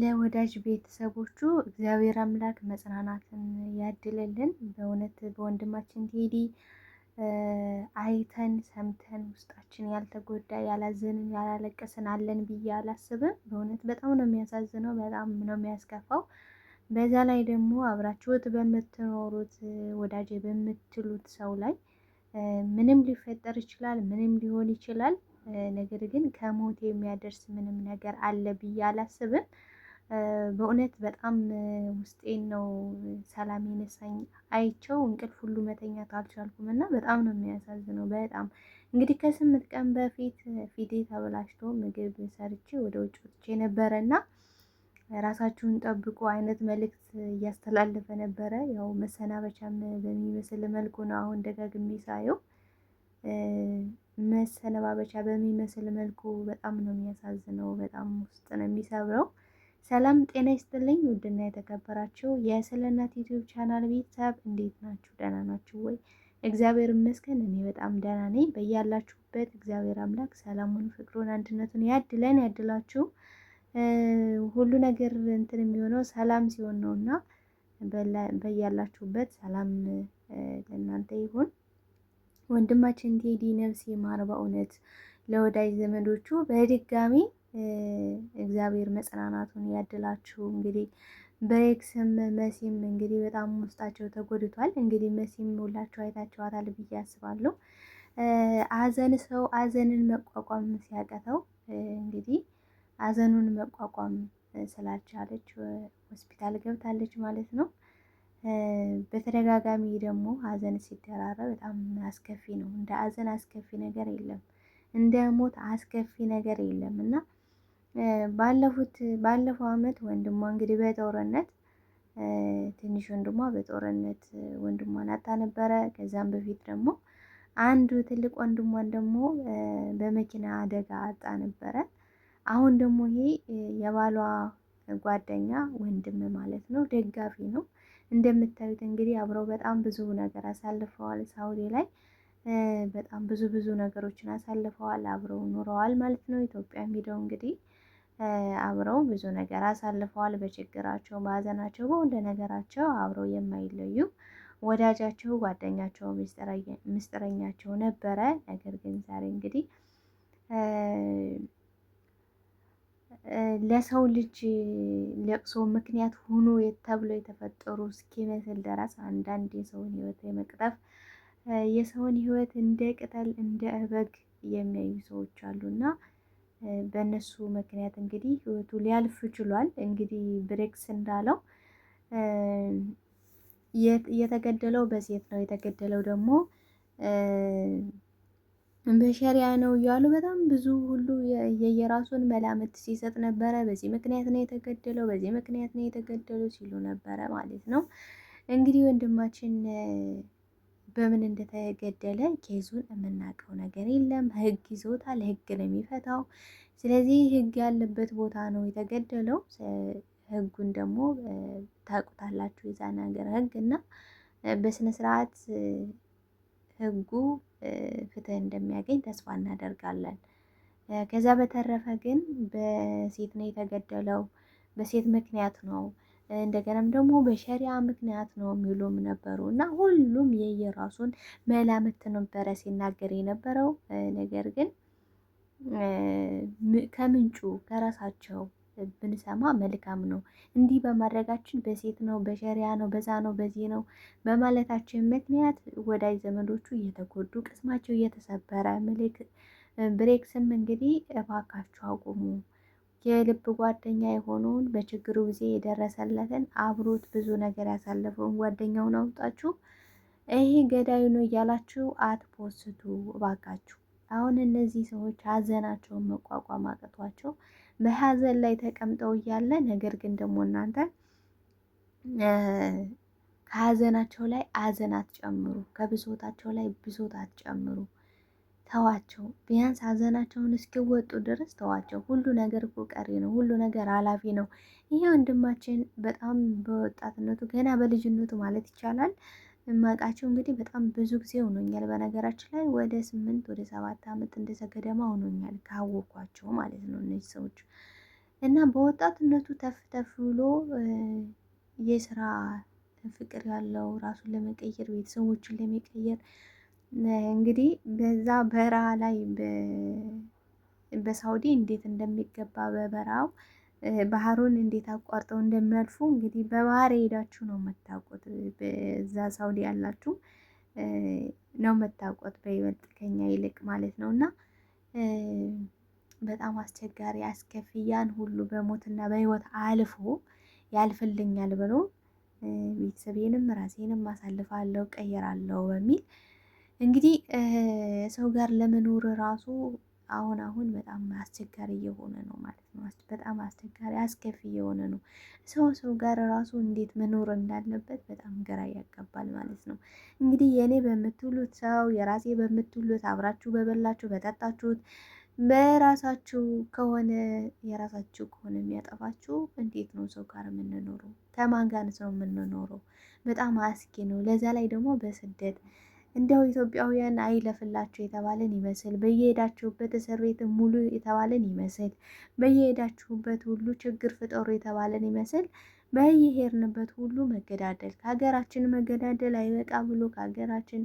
ለወዳጅ ቤተሰቦቹ እግዚአብሔር አምላክ መጽናናትን ያድልልን። በእውነት በወንድማችን ቴዲ አይተን ሰምተን ውስጣችን ያልተጎዳ ያላዘንን ያላለቀስን አለን ብዬ አላስብም። በእውነት በጣም ነው የሚያሳዝነው፣ በጣም ነው የሚያስከፋው። በዛ ላይ ደግሞ አብራችሁት በምትኖሩት ወዳጅ በምትሉት ሰው ላይ ምንም ሊፈጠር ይችላል፣ ምንም ሊሆን ይችላል። ነገር ግን ከሞት የሚያደርስ ምንም ነገር አለ ብዬ አላስብም። በእውነት በጣም ውስጤን ነው ሰላም የነሳኝ። አይቸው እንቅልፍ ሁሉ መተኛት አልቻልኩም እና በጣም ነው የሚያሳዝነው። በጣም እንግዲህ ከስምንት ቀን በፊት ፊቴ ተበላሽቶ ምግብ ሰርቼ ወደ ውጭ ወጥቼ ነበረ እና ራሳችሁን ጠብቁ አይነት መልእክት እያስተላለፈ ነበረ። ያው መሰናበቻም በሚመስል መልኩ ነው አሁን ደጋግሜ ሳየው መሰነባበቻ በሚመስል መልኩ በጣም ነው የሚያሳዝነው። በጣም ውስጥ ነው የሚሰብረው። ሰላም ጤና ይስጥልኝ። ውድና የተከበራችሁ የስለ እናት ዩቲዩብ ቻናል ቤተሰብ እንዴት ናችሁ? ደህና ናችሁ ወይ? እግዚአብሔር ይመስገን እኔ በጣም ደህና ነኝ። በያላችሁበት እግዚአብሔር አምላክ ሰላሙን፣ ፍቅሩን፣ አንድነቱን ያድለን ያድላችሁ። ሁሉ ነገር እንትን የሚሆነው ሰላም ሲሆን ነው እና በያላችሁበት ሰላም ለእናንተ ይሁን። ወንድማችን ቴዲ ነፍስ ይማር በእውነት ለወዳጅ ዘመዶቹ በድጋሚ እግዚአብሔር መጽናናቱን ያድላችሁ። እንግዲህ በኤክስም መሲም እንግዲህ በጣም ውስጣቸው ተጎድቷል። እንግዲህ መሲም ሁላችሁ አይታችኋታል ብዬ አስባለሁ። አዘን ሰው አዘንን መቋቋም ሲያቀተው እንግዲህ አዘኑን መቋቋም ስላልቻለች ሆስፒታል ገብታለች ማለት ነው። በተደጋጋሚ ደግሞ ሀዘን ሲደራረብ በጣም አስከፊ ነው። እንደ ሀዘን አስከፊ ነገር የለም፣ እንደ ሞት አስከፊ ነገር የለም እና ባለፉት ባለፈው አመት ወንድሟ እንግዲህ በጦርነት ትንሽ ወንድሟ በጦርነት ወንድሟን አጣ ነበረ። ከዛም በፊት ደግሞ አንዱ ትልቅ ወንድሟን ደግሞ በመኪና አደጋ አጣ ነበረ። አሁን ደግሞ ይሄ የባሏ ጓደኛ ወንድም ማለት ነው፣ ደጋፊ ነው። እንደምታዩት እንግዲህ አብረው በጣም ብዙ ነገር አሳልፈዋል። ሳውዲ ላይ በጣም ብዙ ብዙ ነገሮችን አሳልፈዋል። አብረው ኑረዋል ማለት ነው። ኢትዮጵያ ሄደው እንግዲህ አብረው ብዙ ነገር አሳልፈዋል። በችግራቸው፣ በሀዘናቸው፣ በሁሉ ነገራቸው አብረው የማይለዩ ወዳጃቸው፣ ጓደኛቸው፣ ምስጢረኛቸው ነበረ። ነገር ግን ዛሬ እንግዲህ ለሰው ልጅ ለቅሶ ምክንያት ሆኖ ተብሎ የተፈጠሩ እስኪመስል ድረስ አንዳንድ የሰውን ሕይወት የመቅጠፍ የሰውን ሕይወት እንደ ቅጠል እንደ እበግ የሚያዩ ሰዎች አሉና በእነሱ ምክንያት እንግዲህ ህይወቱ ሊያልፍ ችሏል። እንግዲህ ብሬክስ እንዳለው የተገደለው በሴት ነው የተገደለው ደግሞ በሸሪያ ነው እያሉ በጣም ብዙ ሁሉ የየራሱን መላምት ሲሰጥ ነበረ። በዚህ ምክንያት ነው የተገደለው፣ በዚህ ምክንያት ነው የተገደለው ሲሉ ነበረ ማለት ነው። እንግዲህ ወንድማችን በምን እንደተገደለ ኬዙን የምናውቀው ነገር የለም። ህግ ይዞታል፣ ህግ ነው የሚፈታው። ስለዚህ ህግ ያለበት ቦታ ነው የተገደለው። ህጉን ደግሞ ታውቁታላችሁ፣ የዛን ነገር ህግ እና በስነ ስርዓት ህጉ ፍትህ እንደሚያገኝ ተስፋ እናደርጋለን። ከዛ በተረፈ ግን በሴት ነው የተገደለው፣ በሴት ምክንያት ነው እንደገናም ደግሞ በሸሪያ ምክንያት ነው የሚሉም ነበሩ እና ሁሉም የየራሱን መላምት ነበረ ሲናገር የነበረው ነገር ግን ከምንጩ ከራሳቸው ብንሰማ መልካም ነው። እንዲህ በማድረጋችን በሴት ነው፣ በሸሪያ ነው፣ በዛ ነው፣ በዚህ ነው በማለታችን ምክንያት ወዳጅ ዘመዶቹ እየተጎዱ ቅስማቸው እየተሰበረ ምልክ ብሬክስም እንግዲህ እባካችሁ አቁሙ የልብ ጓደኛ የሆነውን በችግሩ ጊዜ የደረሰለትን አብሮት ብዙ ነገር ያሳለፈውን ጓደኛውን አውጣችሁ ይሄ ገዳዩ ነው እያላችሁ አትፖስቱ እባካችሁ። አሁን እነዚህ ሰዎች ሀዘናቸውን መቋቋም አቅቷቸው በሀዘን ላይ ተቀምጠው እያለ ነገር ግን ደግሞ እናንተ ከሀዘናቸው ላይ ሀዘን አትጨምሩ፣ ከብሶታቸው ላይ ብሶት አትጨምሩ። ተዋቸው። ቢያንስ ሀዘናቸውን እስኪወጡ ድረስ ተዋቸው። ሁሉ ነገር እኮ ቀሪ ነው። ሁሉ ነገር አላፊ ነው። ይሄ ወንድማችን በጣም በወጣትነቱ ገና በልጅነቱ ማለት ይቻላል ማቃቸው እንግዲህ በጣም ብዙ ጊዜ ሆኖኛል። በነገራችን ላይ ወደ ስምንት ወደ ሰባት ዓመት እንደዛ ገደማ ሆኖኛል ካወኳቸው ማለት ነው እነዚህ ሰዎች እና በወጣትነቱ ተፍ ተፍ ብሎ የስራ ፍቅር ያለው ራሱን ለመቀየር ቤተሰቦችን ለመቀየር እንግዲህ በዛ በረሃ ላይ በሳውዲ እንዴት እንደሚገባ በበረሃው ባህሩን እንዴት አቋርጠው እንደሚያልፉ እንግዲህ በባህር ሄዳችሁ ነው የምታውቁት። በዛ ሳውዲ ያላችሁ ነው የምታውቁት በይበልጥ ከኛ ይልቅ ማለት ነው። እና በጣም አስቸጋሪ አስከፊያን ሁሉ በሞትና በህይወት አልፎ ያልፍልኛል ብሎ ቤተሰቤንም ራሴንም አሳልፋለሁ ቀየራለሁ በሚል እንግዲህ ሰው ጋር ለመኖር ራሱ አሁን አሁን በጣም አስቸጋሪ እየሆነ ነው ማለት ነው። በጣም አስቸጋሪ አስከፊ እየሆነ ነው። ሰው ሰው ጋር ራሱ እንዴት መኖር እንዳለበት በጣም ግራ ያጋባል ማለት ነው። እንግዲህ የእኔ በምትውሉት ሰው የራሴ በምትውሉት አብራችሁ በበላችሁ በጠጣችሁት በራሳችሁ ከሆነ የራሳችሁ ከሆነ የሚያጠፋችሁ እንዴት ነው ሰው ጋር የምንኖረው? ከማን ጋር ነው የምንኖረው? በጣም አስጊ ነው። ለዛ ላይ ደግሞ በስደት እንዲያው ኢትዮጵያውያን አይለፍላቸው የተባለን ይመስል በየሄዳችሁበት እስር ቤት ሙሉ የተባለን ይመስል በየሄዳችሁበት ሁሉ ችግር ፍጠሩ የተባለን ይመስል በየሄድንበት ሁሉ መገዳደል ከሀገራችን መገዳደል አይበቃ ብሎ ከሀገራችን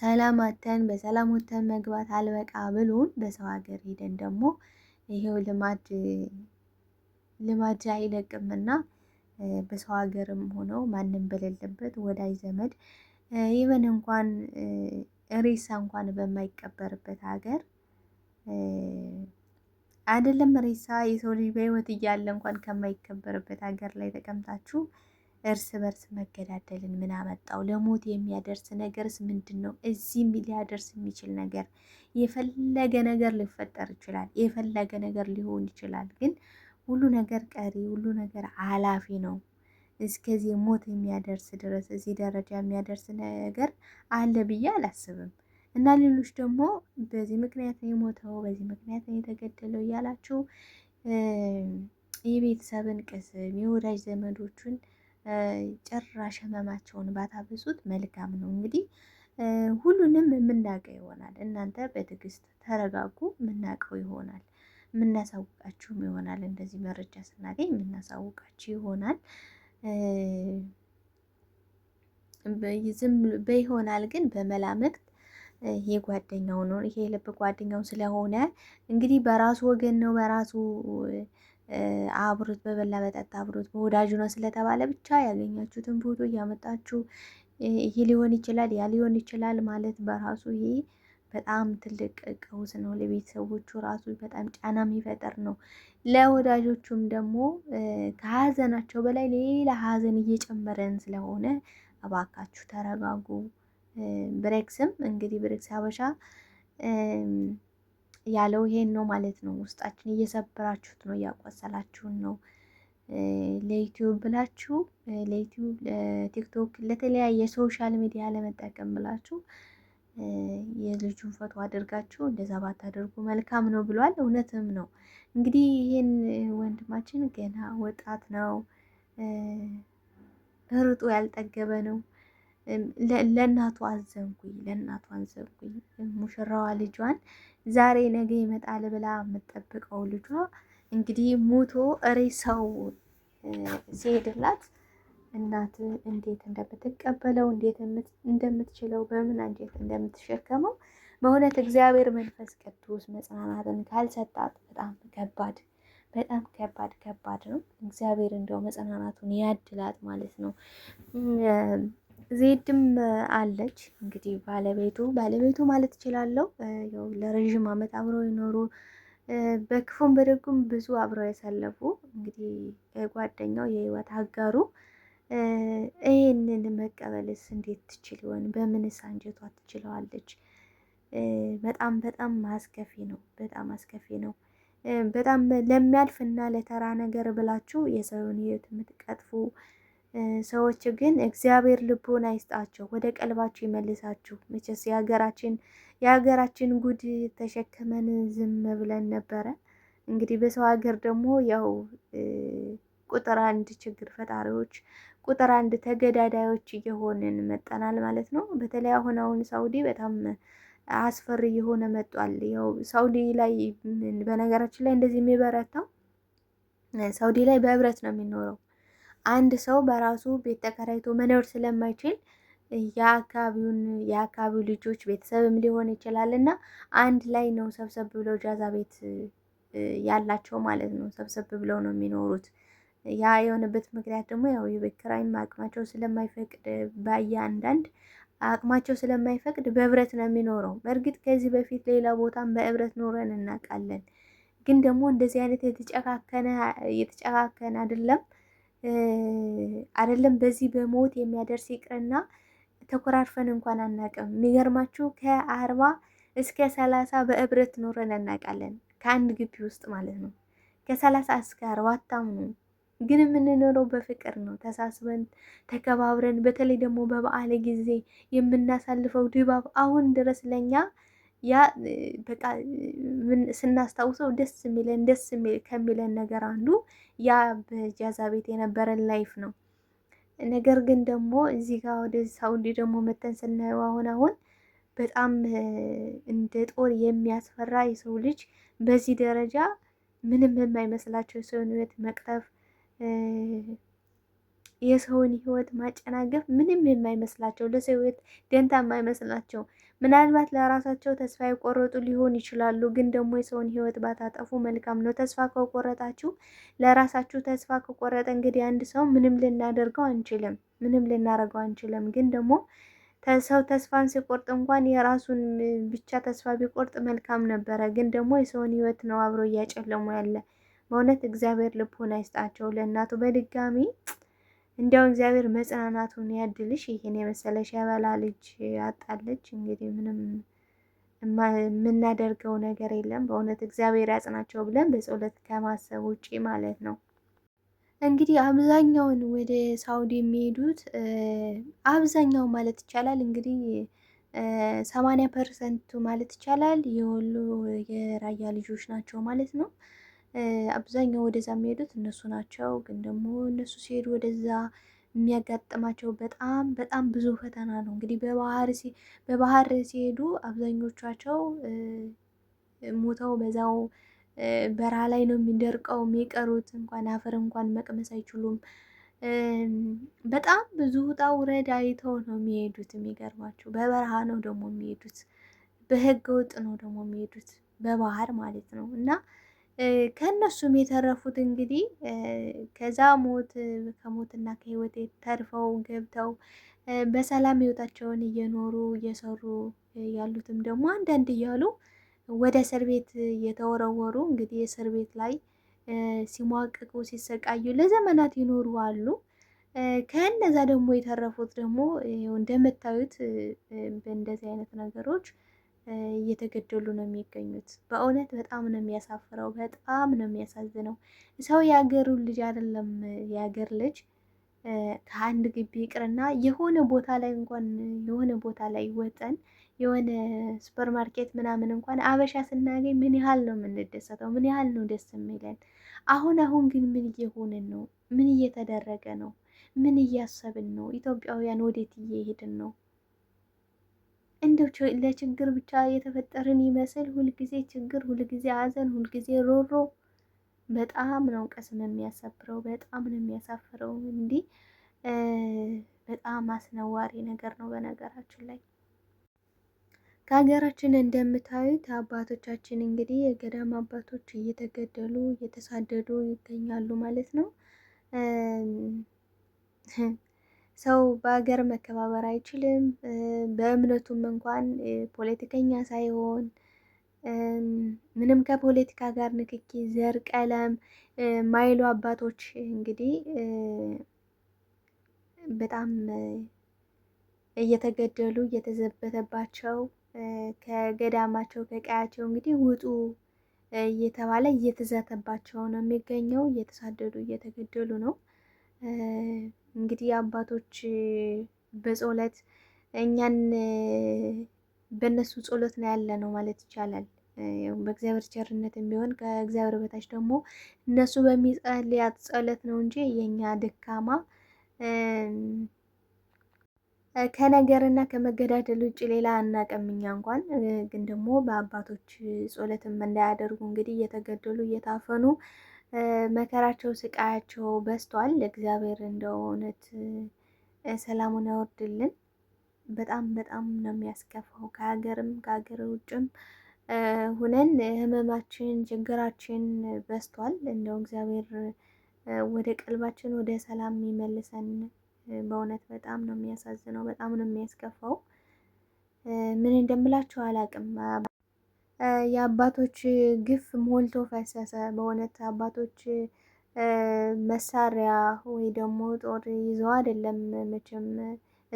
ሰላም አተን በሰላም ወተን መግባት አልበቃ ብሎን በሰው ሀገር ሄደን ደግሞ ይሄው ልማድ ልማድ አይለቅምና በሰው ሀገርም ሆነው ማንም በሌለበት ወዳጅ ዘመድ ኢቨን እንኳን ሬሳ እንኳን በማይቀበርበት ሀገር አይደለም ሬሳ የሰው ልጅ በህይወት እያለ እንኳን ከማይከበርበት ሀገር ላይ ተቀምጣችሁ እርስ በርስ መገዳደልን ምን አመጣው? ለሞት የሚያደርስ ነገርስ ምንድን ነው? እዚህም ሊያደርስ የሚችል ነገር የፈለገ ነገር ሊፈጠር ይችላል። የፈለገ ነገር ሊሆን ይችላል ግን ሁሉ ነገር ቀሪ፣ ሁሉ ነገር አላፊ ነው። እስከዚህ ሞት የሚያደርስ ድረስ እዚህ ደረጃ የሚያደርስ ነገር አለ ብዬ አላስብም። እና ሌሎች ደግሞ በዚህ ምክንያት ነው የሞተው፣ በዚህ ምክንያት ነው የተገደለው እያላችሁ የቤተሰብን ቅስም የወዳጅ ዘመዶቹን ጭራሽ ህመማቸውን ባታብሱት መልካም ነው። እንግዲህ ሁሉንም የምናውቀው ይሆናል። እናንተ በትዕግስት ተረጋጉ፣ የምናውቀው ይሆናል። የምናሳውቃችሁም ይሆናል። እንደዚህ መረጃ ስናገኝ የምናሳውቃችሁ ይሆናል። ዝም በይሆናል ግን በመላምት ጓደኛው ነው ይሄ የልብ ጓደኛው ስለሆነ እንግዲህ በራሱ ወገን ነው በራሱ አብሮት በበላ በጠጣ አብሮት በወዳጁ ነው ስለተባለ ብቻ ያገኛችሁትን ፎቶ እያመጣችሁ ይሄ ሊሆን ይችላል ያ ሊሆን ይችላል ማለት በራሱ ይሄ በጣም ትልቅ ቀውስ ነው። ለቤተሰቦቹ ራሱ በጣም ጫና የሚፈጠር ነው። ለወዳጆቹም ደግሞ ከሀዘናቸው በላይ ሌላ ሀዘን እየጨመረን ስለሆነ እባካችሁ ተረጋጉ። ብሬክስም እንግዲህ ብሬክስ ሀበሻ ያለው ይሄን ነው ማለት ነው። ውስጣችን እየሰበራችሁት ነው፣ እያቆሰላችሁን ነው። ለዩቲዩብ ብላችሁ ለዩቲዩብ፣ ለቲክቶክ፣ ለተለያየ ሶሻል ሚዲያ ለመጠቀም ብላችሁ የልጁን ፎቶ አድርጋችሁ እንደዛ ባታደርጉ መልካም ነው ብሏል። እውነትም ነው። እንግዲህ ይህን ወንድማችን ገና ወጣት ነው፣ እርጦ ያልጠገበ ነው። ለእናቱ አዘንኩኝ፣ ለእናቱ አዘንኩኝ። ሙሽራዋ ልጇን ዛሬ ነገ ይመጣል ብላ የምጠብቀው ልጇ እንግዲህ ሙቶ እሬሳው ሲሄድላት እናት እንዴት እንደምትቀበለው እንዴት እንደምትችለው በምን አንጀት እንደምትሸከመው በእውነት እግዚአብሔር መንፈስ ቅዱስ መጽናናትን ካልሰጣት በጣም ከባድ በጣም ከባድ ከባድ ነው። እግዚአብሔር እንደው መጽናናቱን ያድላት ማለት ነው። ዜድም አለች እንግዲህ ባለቤቱ ባለቤቱ ማለት እችላለሁ። ለረዥም ዓመት አብረው የኖሩ በክፉም በደጉም ብዙ አብረው ያሳለፉ እንግዲህ ጓደኛው የህይወት አጋሩ ይህንን መቀበልስ እንዴት ትችል ይሆን? በምንስ አንጀቷ ትችለዋለች? በጣም በጣም አስከፊ ነው። በጣም አስከፊ ነው። በጣም ለሚያልፍ እና ለተራ ነገር ብላችሁ የሰውን ሕይወት የምትቀጥፉ ሰዎች ግን እግዚአብሔር ልቦና ይስጣቸው፣ ወደ ቀልባችሁ ይመልሳችሁ። መቼስ የሀገራችን የሀገራችን ጉድ ተሸክመን ዝም ብለን ነበረ። እንግዲህ በሰው ሀገር ደግሞ ያው ቁጥር አንድ ችግር ፈጣሪዎች ቁጥር አንድ ተገዳዳዮች እየሆንን መጠናል ማለት ነው። በተለይ አሁን አሁን ሳውዲ በጣም አስፈሪ እየሆነ መጧል። ያው ሳውዲ ላይ በነገራችን ላይ እንደዚህ የሚበረታው ሳውዲ ላይ በህብረት ነው የሚኖረው። አንድ ሰው በራሱ ቤት ተከራይቶ መኖር ስለማይችል የአካባቢውን የአካባቢው ልጆች ቤተሰብም ሊሆን ይችላል እና አንድ ላይ ነው ሰብሰብ ብለው ጃዛ ቤት ያላቸው ማለት ነው። ሰብሰብ ብለው ነው የሚኖሩት። ያ የሆነበት ምክንያት ደግሞ ያው የቤት ኪራይም አቅማቸው ስለማይፈቅድ ባየ አንዳንድ አቅማቸው ስለማይፈቅድ በህብረት ነው የሚኖረው። በእርግጥ ከዚህ በፊት ሌላ ቦታም በህብረት ኖረን እናውቃለን። ግን ደግሞ እንደዚህ አይነት የተጨካከነ የተጨካከነ አይደለም አይደለም በዚህ በሞት የሚያደርስ ይቅርና ተኮራርፈን እንኳን አናውቅም። የሚገርማችሁ ከአርባ እስከ ሰላሳ በህብረት ኖረን እናውቃለን። ከአንድ ግቢ ውስጥ ማለት ነው። ከሰላሳ እስከ አርባ አታምኑ። ግን የምንኖረው በፍቅር ነው። ተሳስበን ተከባብረን፣ በተለይ ደግሞ በበዓል ጊዜ የምናሳልፈው ድባብ አሁን ድረስ ለኛ ያ በቃ ስናስታውሰው ደስ የሚለን ደስ ከሚለን ነገር አንዱ ያ በጃዛ ቤት የነበረን ላይፍ ነው። ነገር ግን ደግሞ እዚህ ጋር ወደ ሳውዲ ደግሞ መተን ስናየው አሁን አሁን በጣም እንደ ጦር የሚያስፈራ የሰው ልጅ በዚህ ደረጃ ምንም የማይመስላቸው የሰውን ህይወት መቅጠፍ የሰውን ህይወት ማጨናገፍ ምንም የማይመስላቸው ለሰው ህይወት ደንታ የማይመስላቸው ምናልባት ለራሳቸው ተስፋ የቆረጡ ሊሆን ይችላሉ። ግን ደግሞ የሰውን ህይወት ባታጠፉ መልካም ነው። ተስፋ ከቆረጣችሁ ለራሳችሁ ተስፋ ከቆረጠ እንግዲህ አንድ ሰው ምንም ልናደርገው አንችልም፣ ምንም ልናደርገው አንችልም። ግን ደግሞ ሰው ተስፋን ሲቆርጥ እንኳን የራሱን ብቻ ተስፋ ቢቆርጥ መልካም ነበረ። ግን ደግሞ የሰውን ህይወት ነው አብሮ እያጨለሙ ያለ በእውነት እግዚአብሔር ልቦና ይስጣቸው ለእናቱ በድጋሚ እንዲያው እግዚአብሔር መጽናናቱን ያድልሽ። ይህን የመሰለ ሸበላ ልጅ አጣለች። እንግዲህ ምንም የምናደርገው ነገር የለም። በእውነት እግዚአብሔር ያጽናቸው ብለን በጸሎት ከማሰብ ውጪ ማለት ነው። እንግዲህ አብዛኛውን ወደ ሳውዲ የሚሄዱት አብዛኛው ማለት ይቻላል እንግዲህ ሰማንያ ፐርሰንቱ ማለት ይቻላል የወሎ የራያ ልጆች ናቸው ማለት ነው። አብዛኛው ወደዛ የሚሄዱት እነሱ ናቸው። ግን ደግሞ እነሱ ሲሄዱ ወደዛ የሚያጋጥማቸው በጣም በጣም ብዙ ፈተና ነው። እንግዲህ በባህር ሲሄዱ አብዛኞቻቸው ሞተው በዛው በረሃ ላይ ነው የሚደርቀው የሚቀሩት። እንኳን አፈር እንኳን መቅመስ አይችሉም። በጣም ብዙ ውጣ ውረድ አይተው ነው የሚሄዱት። የሚገርማቸው በበረሃ ነው ደግሞ የሚሄዱት። በህገ ወጥ ነው ደግሞ የሚሄዱት በባህር ማለት ነው እና ከእነሱም የተረፉት እንግዲህ ከዛ ሞት ከሞትና ከህይወት ተርፈው ገብተው በሰላም ህይወታቸውን እየኖሩ እየሰሩ ያሉትም ደግሞ አንዳንድ እያሉ ወደ እስር ቤት የተወረወሩ እንግዲህ እስር ቤት ላይ ሲሟቅቁ ሲሰቃዩ ለዘመናት ይኖሩ አሉ። ከእነዛ ደግሞ የተረፉት ደግሞ እንደምታዩት በእንደዚህ አይነት ነገሮች እየተገደሉ ነው የሚገኙት። በእውነት በጣም ነው የሚያሳፍረው፣ በጣም ነው የሚያሳዝነው። ሰው የሀገሩን ልጅ አይደለም የሀገር ልጅ ከአንድ ግቢ ይቅርና የሆነ ቦታ ላይ እንኳን የሆነ ቦታ ላይ ወጠን የሆነ ሱፐር ማርኬት ምናምን እንኳን አበሻ ስናገኝ ምን ያህል ነው የምንደሰተው? ምን ያህል ነው ደስ የሚለን? አሁን አሁን ግን ምን እየሆንን ነው? ምን እየተደረገ ነው? ምን እያሰብን ነው? ኢትዮጵያውያን ወዴት እየሄድን ነው? እንደው ለችግር ብቻ የተፈጠርን ይመስል ሁልጊዜ ችግር፣ ሁልጊዜ ሐዘን፣ ሁልጊዜ ሮሮ በጣም ነው ቀስም የሚያሰብረው። በጣም ነው የሚያሳፍረው። እንዲህ በጣም አስነዋሪ ነገር ነው። በነገራችን ላይ ከሀገራችን እንደምታዩት አባቶቻችን እንግዲህ የገዳም አባቶች እየተገደሉ እየተሳደዱ ይገኛሉ ማለት ነው። ሰው በሀገር መከባበር አይችልም። በእምነቱም እንኳን ፖለቲከኛ ሳይሆን ምንም ከፖለቲካ ጋር ንክኪ፣ ዘር፣ ቀለም ማይሉ አባቶች እንግዲህ በጣም እየተገደሉ እየተዘበተባቸው ከገዳማቸው ከቀያቸው እንግዲህ ውጡ እየተባለ እየተዘተባቸው ነው የሚገኘው። እየተሳደዱ እየተገደሉ ነው። እንግዲህ አባቶች በጸሎት እኛን በእነሱ ጸሎት ነው ያለ ነው ማለት ይቻላል። በእግዚአብሔር ቸርነትም ቢሆን ከእግዚአብሔር በታች ደግሞ እነሱ በሚጸልያት ጸሎት ነው እንጂ የእኛ ድካማ ከነገርና ከመገዳደል ውጭ ሌላ አናቀም እኛ እንኳን ግን ደግሞ በአባቶች ጸሎትም እንዳያደርጉ እንግዲህ እየተገደሉ እየታፈኑ መከራቸው ስቃያቸው በስቷል። እግዚአብሔር እንደው እውነት ሰላሙን ያወርድልን። በጣም በጣም ነው የሚያስከፋው። ከሀገርም ከሀገር ውጭም ሁነን ህመማችን ችግራችን በስቷል። እንደው እግዚአብሔር ወደ ቀልባችን ወደ ሰላም ይመልሰን። በእውነት በጣም ነው የሚያሳዝነው። በጣም ነው የሚያስከፋው። ምን እንደምላቸው አላቅም። የአባቶች ግፍ ሞልቶ ፈሰሰ። በእውነት አባቶች መሳሪያ ወይ ደግሞ ጦር ይዘው አይደለም መቼም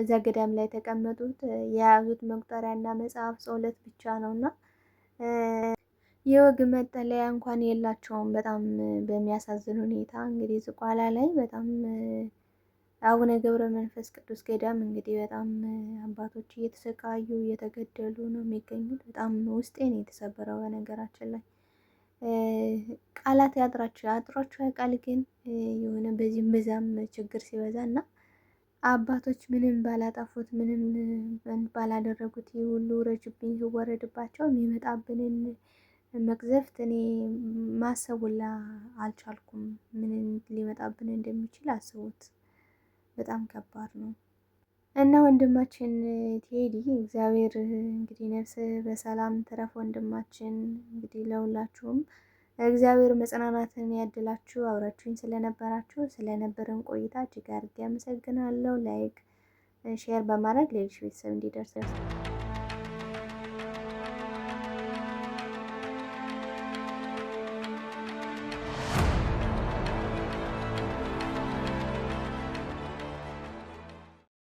እዛ ገዳም ላይ የተቀመጡት የያዙት መቁጠሪያና መጽሐፍ፣ ጸሎት ብቻ ነው እና የወግ መጠለያ እንኳን የላቸውም። በጣም በሚያሳዝን ሁኔታ እንግዲህ ዝቋላ ላይ በጣም አቡነ ገብረ መንፈስ ቅዱስ ገዳም እንግዲህ በጣም አባቶች እየተሰቃዩ እየተገደሉ ነው የሚገኙት። በጣም ውስጤ ነው የተሰበረው። በነገራችን ላይ ቃላት ያጥራችሁ አጥሯቸው ያውቃል፣ ግን የሆነ በዚህም በዛም ችግር ሲበዛ እና አባቶች ምንም ባላጠፉት ምንም ባላደረጉት ሁሉ ረጅብኝ ሲወረድባቸው የሚመጣብንን መቅዘፍት እኔ ማሰቡላ አልቻልኩም። ምን ሊመጣብን እንደሚችል አስቡት። በጣም ከባድ ነው እና ወንድማችን ቴዲ እግዚአብሔር እንግዲህ ነፍስ በሰላም ትረፍ። ወንድማችን እንግዲህ ለሁላችሁም እግዚአብሔር መጽናናትን ያድላችሁ። አብራችሁኝ ስለነበራችሁ ስለነበረን ቆይታ እጅግ አድርጌ አመሰግናለሁ። ላይክ ሼር በማድረግ ሌሎች ቤተሰብ እንዲደርስ